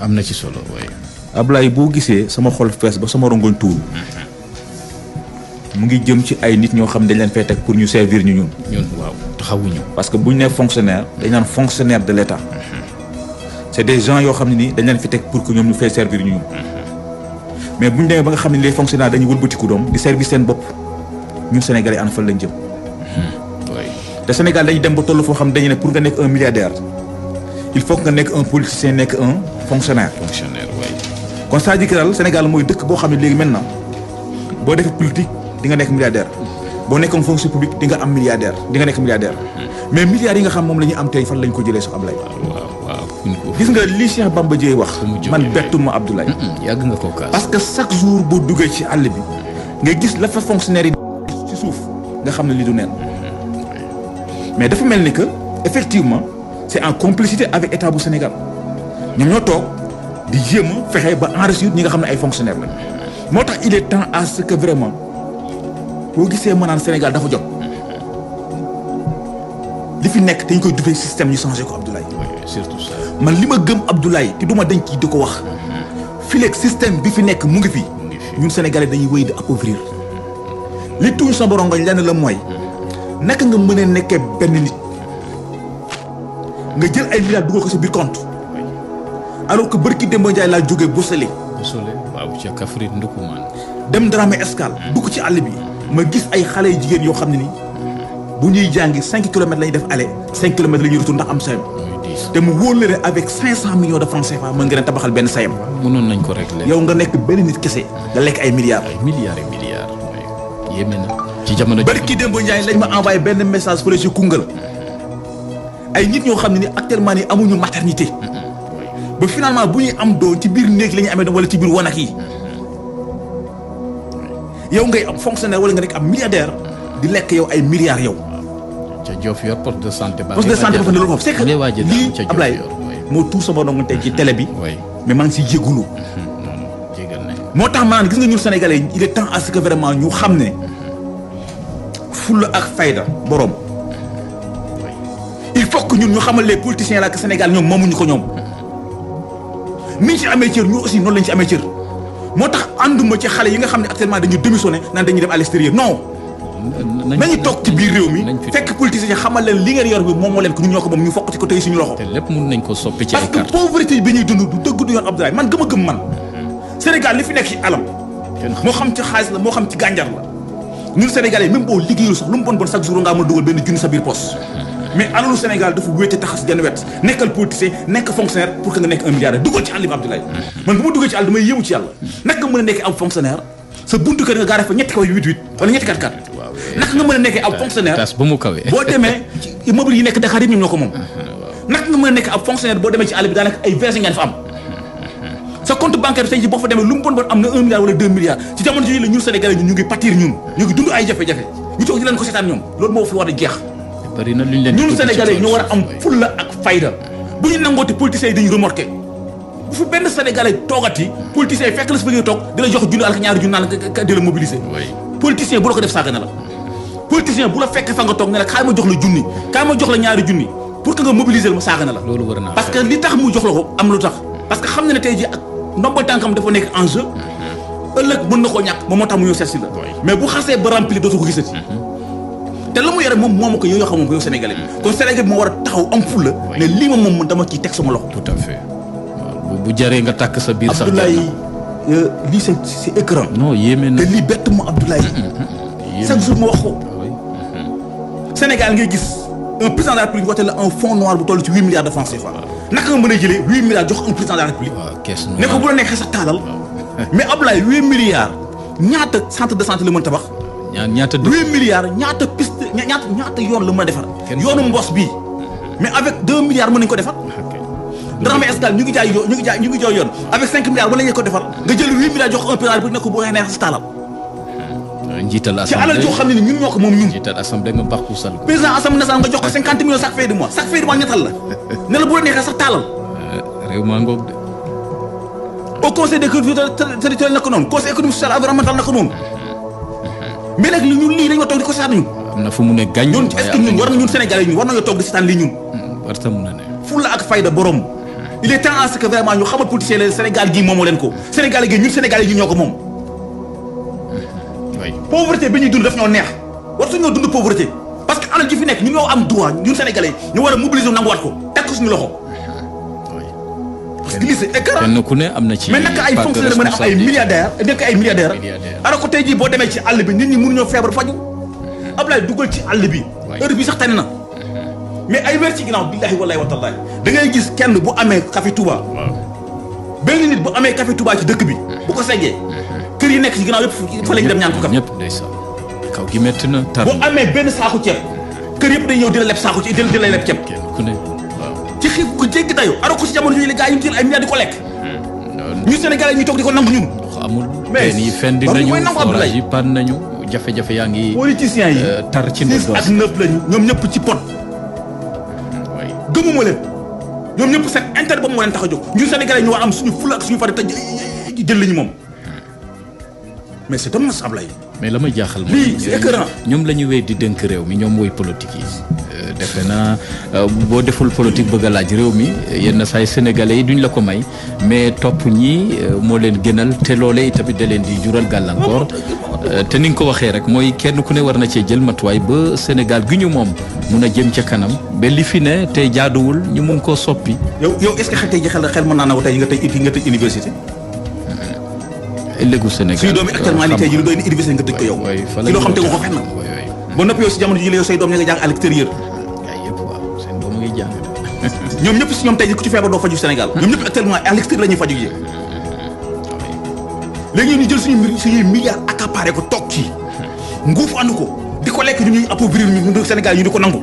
amna ci solo way Ablaye bo gisee sama xol fess ba sama rongoñ tuur mu ngi jëm ci ay nit ñoo xam dañ leen fay teg pour ñu servir ñu ñun. ñun waaw taxawu ñu parce que buñ né fonctionnaire dañ nan fonctionnaire de l'état état. c' est des gens yo xam ne dañ leen fi teg pour que ñom ñu fay servir ñu ñun. mais buñ ñu ba nga xam ne les fonctionnaires dañuy wëlbatiku doom di service sen bop ñun Sénégalais an fan lañ jëm. Hmm, te Sénégal dañu dem ba tollu fo xam dañu né pour nga nekk un milliardaire il faut que nga un politicien nek un fonctionnaire. fonctionnaire waay. Quand ça veut que daal Sénégal mooy dëkk boo xam ne léegi maintenant boo defee politique di nga nekk milliardaire boo nekkoon fonction publique di nga am milliardaire di nga nekk milliardaire. Hmm. mais milliards yi nga xam moom la ñuy am tey fan lañ ko jëlee su Ablaye. gis nga li Cheikh Bamba Dièye wax. man bettuma Abdoulaye. Hmm, hmm, yàgg nga ko kaas parce que chaque jour boo duggee ci àll bi nga gis la fa fonctionnaire yi ci suuf nga xam ne li du neen mais dafa mel ni que effectivement c'est en complicité avec état bu Sénégal ñoom ñoo toog di jéem a fexe ba enrichir ñi nga xam ay fonctionnaires la il est temps à ce que vraiment boo gisee ma naan Sénégal dafa jot li fi nekk dañ koy dufee système ñu changé ko Abdoulaye. surtout ça man li ma gëm Abdoulaye te du ma denc di ko wax. fii léegi système bi fi nekk mu ngi fi. ñun Sénégalais dañuy wéy à appauvrir. li tuuñ sa borongoñ lenn la mooy. naka nga mën a nekkee benn nit. nga jël ay milliards dugal ko sa biir compte. alors que barki Demba Ndiaye laa jógee Bousselé. Bousselé waaw ca Kaffrine Ndoukoumane. dem Dramé Escale. Hmm. dugg ci àll bi. ma gis ay xale yu jigéen yoo xam ne ni. bu ñuy jàngi cinq kilomètres la ñuy def aller. cinq kilomètres la ñuy retour ndax am sayam. te mu wóor la ne avec cinq cent millions de francs CFA mën nga leen tabaxal benn sayam. nañ ko régler. yow nga nekk benn nit kese. nga lekk ay milliards. ay milliards et milliards. yéeme na ci jamono. barki Demba Ndiaye lañ ma envoyé benn message fële ci Koungheul. ay nit ñoo xam ne ni actuellement ni amuñu maternité mm-hmm. ba finalement bu ñuy am doom ci biir néeg la ñuy amee doom wala ci biir wanak yi mm-hmm. yow ngay am fonctionnaire wala nga nekk am milliardaire di lekk yow ay milliards yow. ca Diof yor poste de santé. ba poste de santé foofu ne loolu foofu c'est que lii Ablaye moo tuur sama dong tey ci télé bi. mais maa ngi siy jégalu. Mm-hmm. moo tax maanaam gis nga ñun sénégalais il est temps à ce que vraiment ñu xam ne fulla ak fayda boroom pour que ñun ñu xamal leen politiciens là que Sénégal ñoom moomuñu ko ñoom. niñ ci amee cër ñu aussi noonu lañ ci amee cër moo tax ànduma ci xale yi nga xam ne actuellement dañu démissionné naan dañuy dem à l'extérieur non. nañu toog ci biir réew mi fekk politiciens xamal leen li ngeen yor bi moom moo leen ko ñun ñoo ko moom ñu fokk ko tey suñu loxo. parce que pauvreté bi ñuy dund du dëgg du yoon Abdoulaye man gëm a man. Mm-hmm. Sénégal li fi nekk ci alam. moo xam ci xaalis la moo xam ci gànjar la ñun Sénégalais même boo liggéeyul sax lu mu a sa biir mais alalu Sénégal de dafa wéete taxas genn wet nekkal politicien nek fonctionnaire pour que nek un milliardaire dougal ci àll Abdoulaye mm-hmm. man bu ma duggee ci àll dama yewu ci yàlla nak nga meuna nek ab fonctionnaire sa buntu ke nga gaare fa ñetti kaw yu huit wala ñetti kat kat eh. naka nga meuna nek nekkee ab fonctionnaire tas bu mu kawee boo demee immeuble yi nek Dakar yëpp ñu ñoko mom nak nga meuna nek nekk ab fonctionnaire bo démé ci àll bi daanaka ay verse nga fa am uh-huh, uh-huh. sa compte bancaire tey ji boo fa démé lu mu bon bon am na un milliard wala 2 milliards ci jamono ji la ñun Sénégalais ñun ñu ngi patir ñun ñu ngi dund ay jafé jafé ñu toog di lan ko sétane ñom loolu mo fi wara a jeex bëri na lu ñu leen di ñun sénégalais war a am fulla ak fayda bu ñu nangooti politiciens yi dañu remorqué bu fi benn sénégalais toogati politiciens yi fekk la si fa ngay di la jox junni ak ñaari junni nga toog ne la kaay ma jox la junni kaay ma jox la ñaari junni pour que nga mobiliser ma saaga na la loolu parce que li tax mu jox la ko am lu tax parce que xam na tey jii ak ndombal tànkam dafa nekk enjeu mm-hmm. ëllëg mën na koo ñàkk moom moo tax mu ñëw seet si la mais bu xasee ba rempli dootu ko gisati mm-hmm. Tellement il y a des moments que nous Sénégalais. au Sénégal. Quand le Sénégal m'a dit que en poule, mais lui m'a montré que c'était son lot. Tout à fait. Vous direz que tu as que ça. Abdoulaye, euh, lui c'est écran. Non, Yémen. Et lui bêtement Abdoulaye. Mm, mm, mm, Cinq jours m'a dit. Ah mm-hmm. Sénégal, il y a un président de la République qui a un fond noir pour 8 milliards de francs CFA. Je ne sais pas 8 milliards pour un président de la République. Je ne sais pas si tu as Mais Abdoulaye, 8 milliards, il y a un centre de santé de Montabar. 8 milliards, il y a un piste. ñaata ñaata yoon la mën a defar. yoonu mbos bii. mais avec 2 milliards mën nañu ko defar. dara ma escale ñu ngi jaay yoon ñu ngi jaay ñu ngi jooy yoon avec 5 milliards wala ñu ko defar nga jël 8 milliards jox un pénal pour ne ko boo neex xam ne ñun ñoo ko moom ñun. njiital assemblée nga bàq sal. président assemblée nationale nga jox ko 50 millions chaque fin de mois chaque fin ñettal la ne la bu la neexee sax taalal. Euh, réew maa ngoog de. au conseil des collectivités na ko noonu conseil économique social environnemental na ko noonu mais nag li ñun lii dañoo toog di ko seetlu ñun. am fu mu ne gàññ. ñun est-ce que ñun war na ñun Sénégalais yi ñun war nañoo toog di ñun. Hmm, a ne. fulla ak fayda borom. il est temps à ce ñu xamal politiciens ñoo ko moom. Hmm, pauvreté bi ñuy dund daf ñoo neex war suñoo dund pauvreté parce que alal ji fi nekk ñu ñoo am droit ñun sénégalais ñu war a mobiliser nanguwaat ko teg ko suñu loxo. Hmm, parce que lii c'est écran kenn ku ne am na ci mais naka ay fonctionnaires mën a ay milliardaires nekk ay milliardaires alors que tey jii boo demee ci àll bi nit ñi mënuñoo feebar faju Ablaye duggal ci àll bi. heure bi sax tane na. Mhm. mais ay y ci ginaaw billahi wallahi wa tallahi da ngay gis kenn bu amé café Touba. benn nit bu amé café Touba ci dëkk bi. Mhm. bu ko seggee. Mhm. kër yi nekk ci ginaaw yëpp fa lañ dem ñaan ko café. ñëpp ndeysaan kaw gi metti na tar bu amé benn saxu ceeb. kër yëpp dañ ñëw di la leb ci di la leb ciëp ku ne ci xib ku jéggi dayo ara ko ci jamono ñu la gaay ñu fait ay di ko ñu Sénégalais ñu tok di nangu ñun. mais fendi nañu nañu jafe-jafe yaa ngi. politiciens yi euh, tar ci ndox ak neuf lañu ñoom ñëpp ci pot. oui gëmuma leen ñoom ñëpp seen intérêt boobu moo leen tax a jóg ñun Sénégalais ñu war am suñu fula ak suñu farata jël lañu ñu moom mais c'est dommage Ablaye. mais la ma jaaxal mooy. lii c'est écœurant ñoom la ñu wéy di dénk réew mi ñoom woy politique yi. Euh, defe na euh, boo deful politique bëgg a laaj réew mi yenn saay sénégalais yi duñ la ko may mais topp ñi euh, moo leen gënal te loolee tamit da leen di jural gàllankoor te ni nga ko waxee rek mooy kenn ku ne war na cee jël matuwaay ba Sénégal gi ñu moom mun a jëm ca kanam ba li fi ne tey jaaduwul ñu mun koo soppi. yow yow est-ce que xel tey ji nga tey it nga tëj université. ëllëgu Sénégal suñu doomi actuellement loo xam te nga ko fenn. ba noppi yow si jamono ji la yow say doom ña nga jàng à ngay jàng. ñoom ñëpp si ñoom tey ku ci feebar doo faju Sénégal. Hmm. ñoom ñëpp actuellement à l'extérieur la ñuy faju ji. Hmm. léegi ñu jël suñu mbir suñuy milliards accaparé ko toog ci hmm. nguuf ànd ko di ko lekk ñu ñuy appauvrir ñu Sénégal ñu di ko nangu.